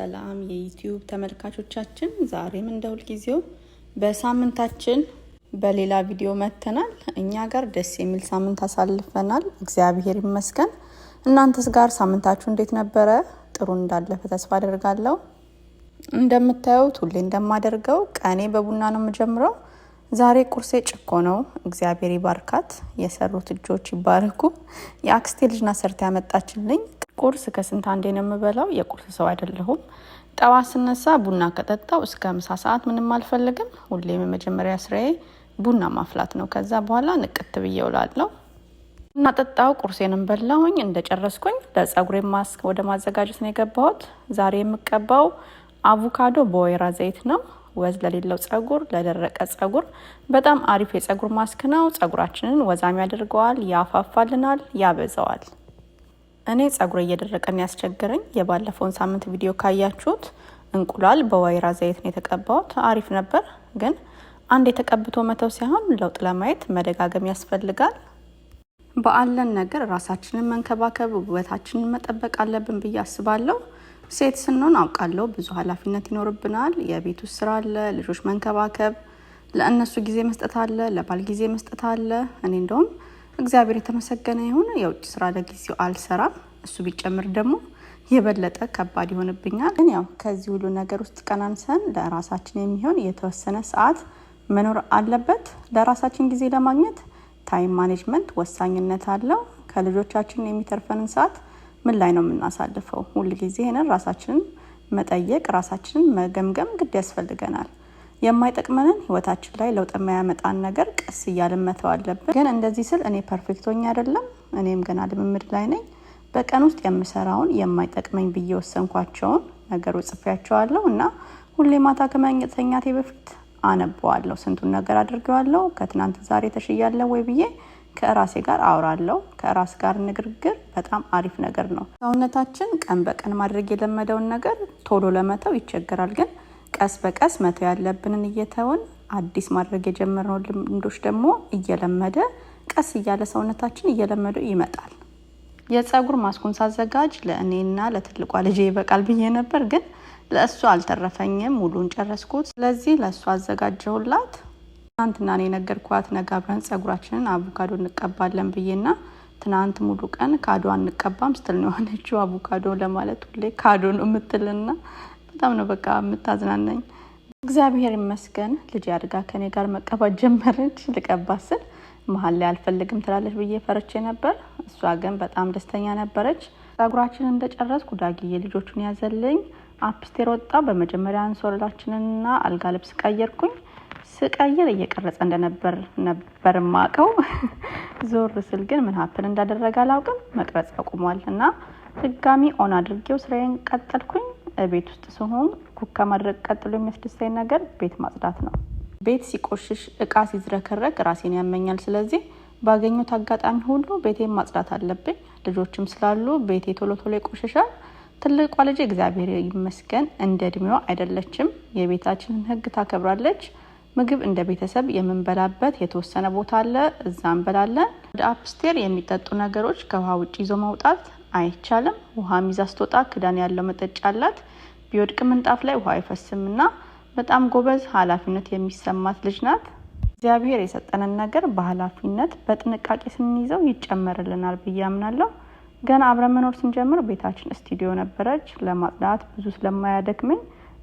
ሰላም የዩቲዩብ ተመልካቾቻችን፣ ዛሬም እንደ ሁልጊዜው በሳምንታችን በሌላ ቪዲዮ መጥተናል። እኛ ጋር ደስ የሚል ሳምንት አሳልፈናል፣ እግዚአብሔር ይመስገን። እናንተስ ጋር ሳምንታችሁ እንዴት ነበረ? ጥሩ እንዳለፈ ተስፋ አደርጋለሁ። እንደምታዩት ሁሌ እንደማደርገው ቀኔ በቡና ነው የምጀምረው። ዛሬ ቁርሴ ጭኮ ነው። እግዚአብሔር ይባርካት፣ የሰሩት እጆች ይባረኩ። የአክስቴ ልጅና ሰርታ ያመጣችልኝ ቁርስ ከስንት አንዴ ነው የምበላው። የቁርስ ሰው አይደለሁም። ጠዋት ስነሳ ቡና ከጠጣው እስከ ምሳ ሰዓት ምንም አልፈልግም። ሁሌም የመጀመሪያ ስራዬ ቡና ማፍላት ነው። ከዛ በኋላ ንቅት ብዬ እውላለሁ። ቡና ጠጣው፣ ቁርሴንም በላሁኝ። እንደጨረስኩኝ ለጸጉሬ ማስክ ወደ ማዘጋጀት ነው የገባሁት። ዛሬ የምቀባው አቮካዶ በወይራ ዘይት ነው። ወዝ ለሌለው ጸጉር፣ ለደረቀ ጸጉር በጣም አሪፍ የጸጉር ማስክ ነው። ጸጉራችንን ወዛም ያደርገዋል፣ ያፋፋልናል፣ ያበዛዋል። እኔ ጸጉሬ እየደረቀን ያስቸገረኝ የባለፈውን ሳምንት ቪዲዮ ካያችሁት እንቁላል በወይራ ዘይት ነው የተቀባሁት። አሪፍ ነበር፣ ግን አንድ የተቀብቶ መተው ሳይሆን ለውጥ ለማየት መደጋገም ያስፈልጋል። በአለን ነገር ራሳችንን መንከባከብ፣ ውበታችንን መጠበቅ አለብን ብዬ አስባለሁ። ሴት ስንሆን አውቃለሁ ብዙ ኃላፊነት ይኖርብናል። የቤት ውስጥ ስራ አለ፣ ልጆች መንከባከብ፣ ለእነሱ ጊዜ መስጠት አለ፣ ለባል ጊዜ መስጠት አለ። እኔ እንደውም እግዚአብሔር የተመሰገነ ይሁን። የውጭ ስራ ለጊዜው አልሰራም። እሱ ቢጨምር ደግሞ የበለጠ ከባድ ይሆንብኛል። ግን ያው ከዚህ ሁሉ ነገር ውስጥ ቀናንሰን ለራሳችን የሚሆን የተወሰነ ሰዓት መኖር አለበት። ለራሳችን ጊዜ ለማግኘት ታይም ማኔጅመንት ወሳኝነት አለው። ከልጆቻችን የሚተርፈንን ሰዓት ምን ላይ ነው የምናሳልፈው? ሁል ጊዜ ይህንን ራሳችንን መጠየቅ፣ ራሳችንን መገምገም ግድ ያስፈልገናል። የማይጠቅመንን ህይወታችን ላይ ለውጥ የማያመጣን ነገር ቀስ እያልን መተው አለብን። ግን እንደዚህ ስል እኔ ፐርፌክቶኝ አይደለም፣ እኔም ገና ልምምድ ላይ ነኝ። በቀን ውስጥ የምሰራውን የማይጠቅመኝ ብዬ ወሰንኳቸውን ነገሮች ጽፌያቸዋለሁ እና ሁሌ ማታ ከመተኛቴ በፊት አነበዋለሁ። ስንቱን ነገር አድርገዋለሁ፣ ከትናንት ዛሬ ተሽያለሁ ወይ ብዬ ከራሴ ጋር አውራለሁ። ከራስ ጋር ንግግር በጣም አሪፍ ነገር ነው። ሰውነታችን ቀን በቀን ማድረግ የለመደውን ነገር ቶሎ ለመተው ይቸገራል። ግን ቀስ በቀስ መተው ያለብንን እየተውን አዲስ ማድረግ የጀመርነው ልምዶች ደግሞ እየለመደ ቀስ እያለ ሰውነታችን እየለመደው ይመጣል። የፀጉር ማስኩን ሳዘጋጅ ለእኔና ለትልቋ ልጄ ይበቃል ብዬ ነበር፣ ግን ለእሱ አልተረፈኝም። ሙሉን ጨረስኩት። ስለዚህ ለእሱ አዘጋጀውላት። ትናንትና እኔ የነገርኳት ነገ አብረን ፀጉራችንን አቮካዶ እንቀባለን ብዬና ትናንት ሙሉ ቀን ካዶ አንቀባም ስትል ነው የሆነችው። አቮካዶ ለማለት ሁሌ ካዶ ነው የምትልና በጣም ነው በቃ የምታዝናናኝ። እግዚአብሔር ይመስገን ልጅ አድጋ ከኔ ጋር መቀባት ጀመረች። ልቀባት ስል መሀል ላይ አልፈልግም ትላለች ብዬ ፈርቼ ነበር። እሷ ግን በጣም ደስተኛ ነበረች። ጸጉራችን እንደጨረስኩ ዳጊዬ ልጆቹን ያዘልኝ አፕስቴር ወጣ። በመጀመሪያ አንሶላችንንና አልጋ ልብስ ቀየርኩኝ። ስቀይር እየቀረጸ እንደነበር ነበር ማቀው። ዞር ስል ግን ምን ሀፕን እንዳደረገ አላውቅም። መቅረጽ አቁሟል እና ድጋሚ ኦን አድርጌው ስራዬን ቀጠልኩኝ። ቤት ውስጥ ሲሆን ኩካ ማድረግ ቀጥሎ የሚያስደሳኝ ነገር ቤት ማጽዳት ነው። ቤት ሲቆሽሽ፣ እቃ ሲዝረከረቅ ራሴን ያመኛል። ስለዚህ ባገኙት አጋጣሚ ሁሉ ቤቴን ማጽዳት አለብኝ። ልጆችም ስላሉ ቤቴ ቶሎ ቶሎ ይቆሽሻል። ትልቋ ልጅ እግዚአብሔር ይመስገን እንደ እድሜዋ አይደለችም። የቤታችንን ህግ ታከብራለች። ምግብ እንደ ቤተሰብ የምንበላበት የተወሰነ ቦታ አለ፣ እዛ እንበላለን። ወደ አፕስቴር የሚጠጡ ነገሮች ከውሃ ውጭ ይዞ መውጣት አይቻልም። ውሃ ሚዛ ስትወጣ ክዳን ያለው መጠጫ አላት። ቢወድቅ ምንጣፍ ላይ ውሃ አይፈስም እና በጣም ጎበዝ፣ ኃላፊነት የሚሰማት ልጅ ናት። እግዚአብሔር የሰጠንን ነገር በኃላፊነት በጥንቃቄ ስንይዘው ይጨመርልናል ብዬ አምናለሁ። ገና አብረን መኖር ስንጀምር ቤታችን ስቱዲዮ ነበረች። ለማጽዳት ብዙ ስለማያደክመኝ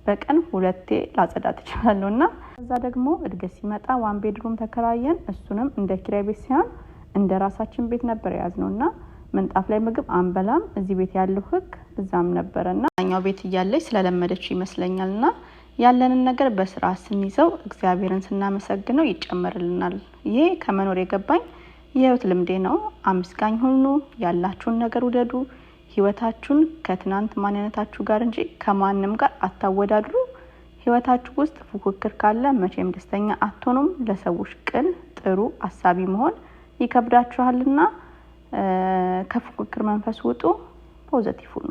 በቀን ሁለቴ ላጸዳት እችላለሁ እና ከዛ ደግሞ እድገት ሲመጣ ዋን ቤድሩም ተከራየን። እሱንም እንደ ኪራይ ቤት ሲሆን እንደ ራሳችን ቤት ነበር የያዝነው እና ምንጣፍ ላይ ምግብ አንበላም። እዚህ ቤት ያለው ህግ እዛም ነበረና ኛው ቤት እያለች ስለለመደች ይመስለኛል። ና ያለንን ነገር በስራ ስንይዘው እግዚአብሔርን ስናመሰግነው ይጨመርልናል። ይሄ ከመኖር የገባኝ የህይወት ልምዴ ነው። አምስጋኝ ሁኑ፣ ያላችሁን ነገር ውደዱ። ህይወታችሁን ከትናንት ማንነታችሁ ጋር እንጂ ከማንም ጋር አታወዳድሩ። ህይወታችሁ ውስጥ ፉክክር ካለ መቼም ደስተኛ አትሆኑም። ለሰዎች ቅን፣ ጥሩ አሳቢ መሆን ይከብዳችኋልና ከፉክክር መንፈስ ውጡ። ፖዘቲቭ ሁኑ።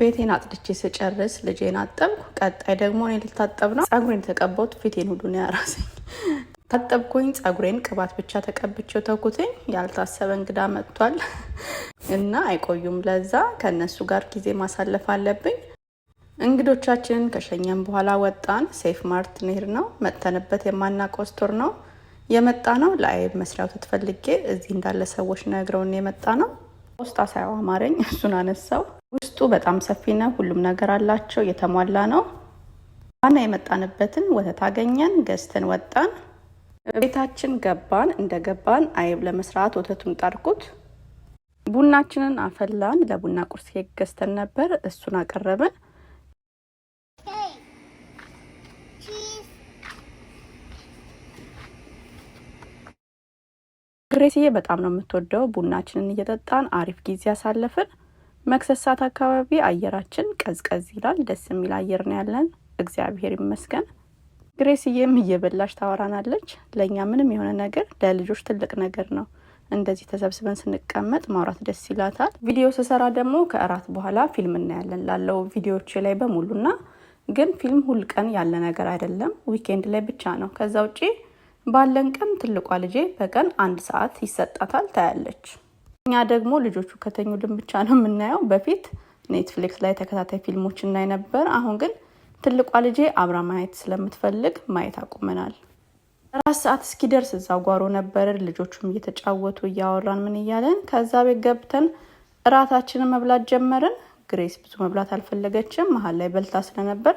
ቤቴን አጥድቼ ስጨርስ ልጄን አጠብኩ። ቀጣይ ደግሞ እኔ ልታጠብ ነው። ጸጉሬን የተቀባሁት ፊቴን ሁሉ ነው ያራሰኝ። ታጠብኩኝ፣ ጸጉሬን ቅባት ብቻ ተቀብቼው ተኩትኝ። ያልታሰበ እንግዳ መጥቷል እና አይቆዩም። ለዛ ከእነሱ ጋር ጊዜ ማሳለፍ አለብኝ። እንግዶቻችንን ከሸኘን በኋላ ወጣን። ሴፍ ማርት ኔር ነው መጥተንበት የማናውቀው ስቶር ነው የመጣ ነው። ለአይብ መስሪያው ትትፈልጌ እዚህ እንዳለ ሰዎች ነግረውን የመጣ ነው። ፖስታ ሳይው አማረኝ፣ እሱን አነሳው ውስጡ በጣም ሰፊ ነው። ሁሉም ነገር አላቸው፣ የተሟላ ነው። ዋና የመጣንበትን ወተት አገኘን፣ ገዝተን ወጣን። ቤታችን ገባን። እንደ ገባን አይብ ለመስራት ወተቱን ጠርኩት። ቡናችንን አፈላን። ለቡና ቁርስ ኬክ ገዝተን ነበር፣ እሱን አቀረብን። ግሬስዬ በጣም ነው የምትወደው። ቡናችንን እየጠጣን አሪፍ ጊዜ አሳለፍን። መክሰስ ሰዓት አካባቢ አየራችን ቀዝቀዝ ይላል። ደስ የሚል አየር ነው ያለን፣ እግዚአብሔር ይመስገን። ግሬስዬም እየበላሽ ታወራናለች። ለእኛ ምንም የሆነ ነገር ለልጆች ትልቅ ነገር ነው። እንደዚህ ተሰብስበን ስንቀመጥ ማውራት ደስ ይላታል። ቪዲዮ ስሰራ ደግሞ ከእራት በኋላ ፊልም እናያለን ላለው ቪዲዮዎች ላይ በሙሉና ግን ፊልም ሁል ቀን ያለ ነገር አይደለም፣ ዊኬንድ ላይ ብቻ ነው። ከዛ ውጪ ባለን ቀን ትልቋ ልጄ በቀን አንድ ሰዓት ይሰጣታል፣ ታያለች። እኛ ደግሞ ልጆቹ ከተኙልን ብቻ ነው የምናየው። በፊት ኔትፍሊክስ ላይ ተከታታይ ፊልሞች እናይ ነበር። አሁን ግን ትልቋ ልጄ አብራ ማየት ስለምትፈልግ ማየት አቁመናል። አራት ሰዓት እስኪደርስ እዛ ጓሮ ነበርን። ልጆቹም እየተጫወቱ እያወራን ምን እያለን ከዛ ቤት ገብተን እራታችንን መብላት ጀመርን። ግሬስ ብዙ መብላት አልፈለገችም። መሀል ላይ በልታ ስለነበር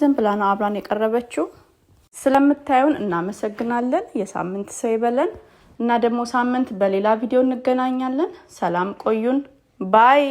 ዝም ብላ ነው አብራን የቀረበችው። ስለምታዩን እናመሰግናለን። የሳምንት ሰው ይበለን። እና ደግሞ ሳምንት በሌላ ቪዲዮ እንገናኛለን። ሰላም ቆዩን። ባይ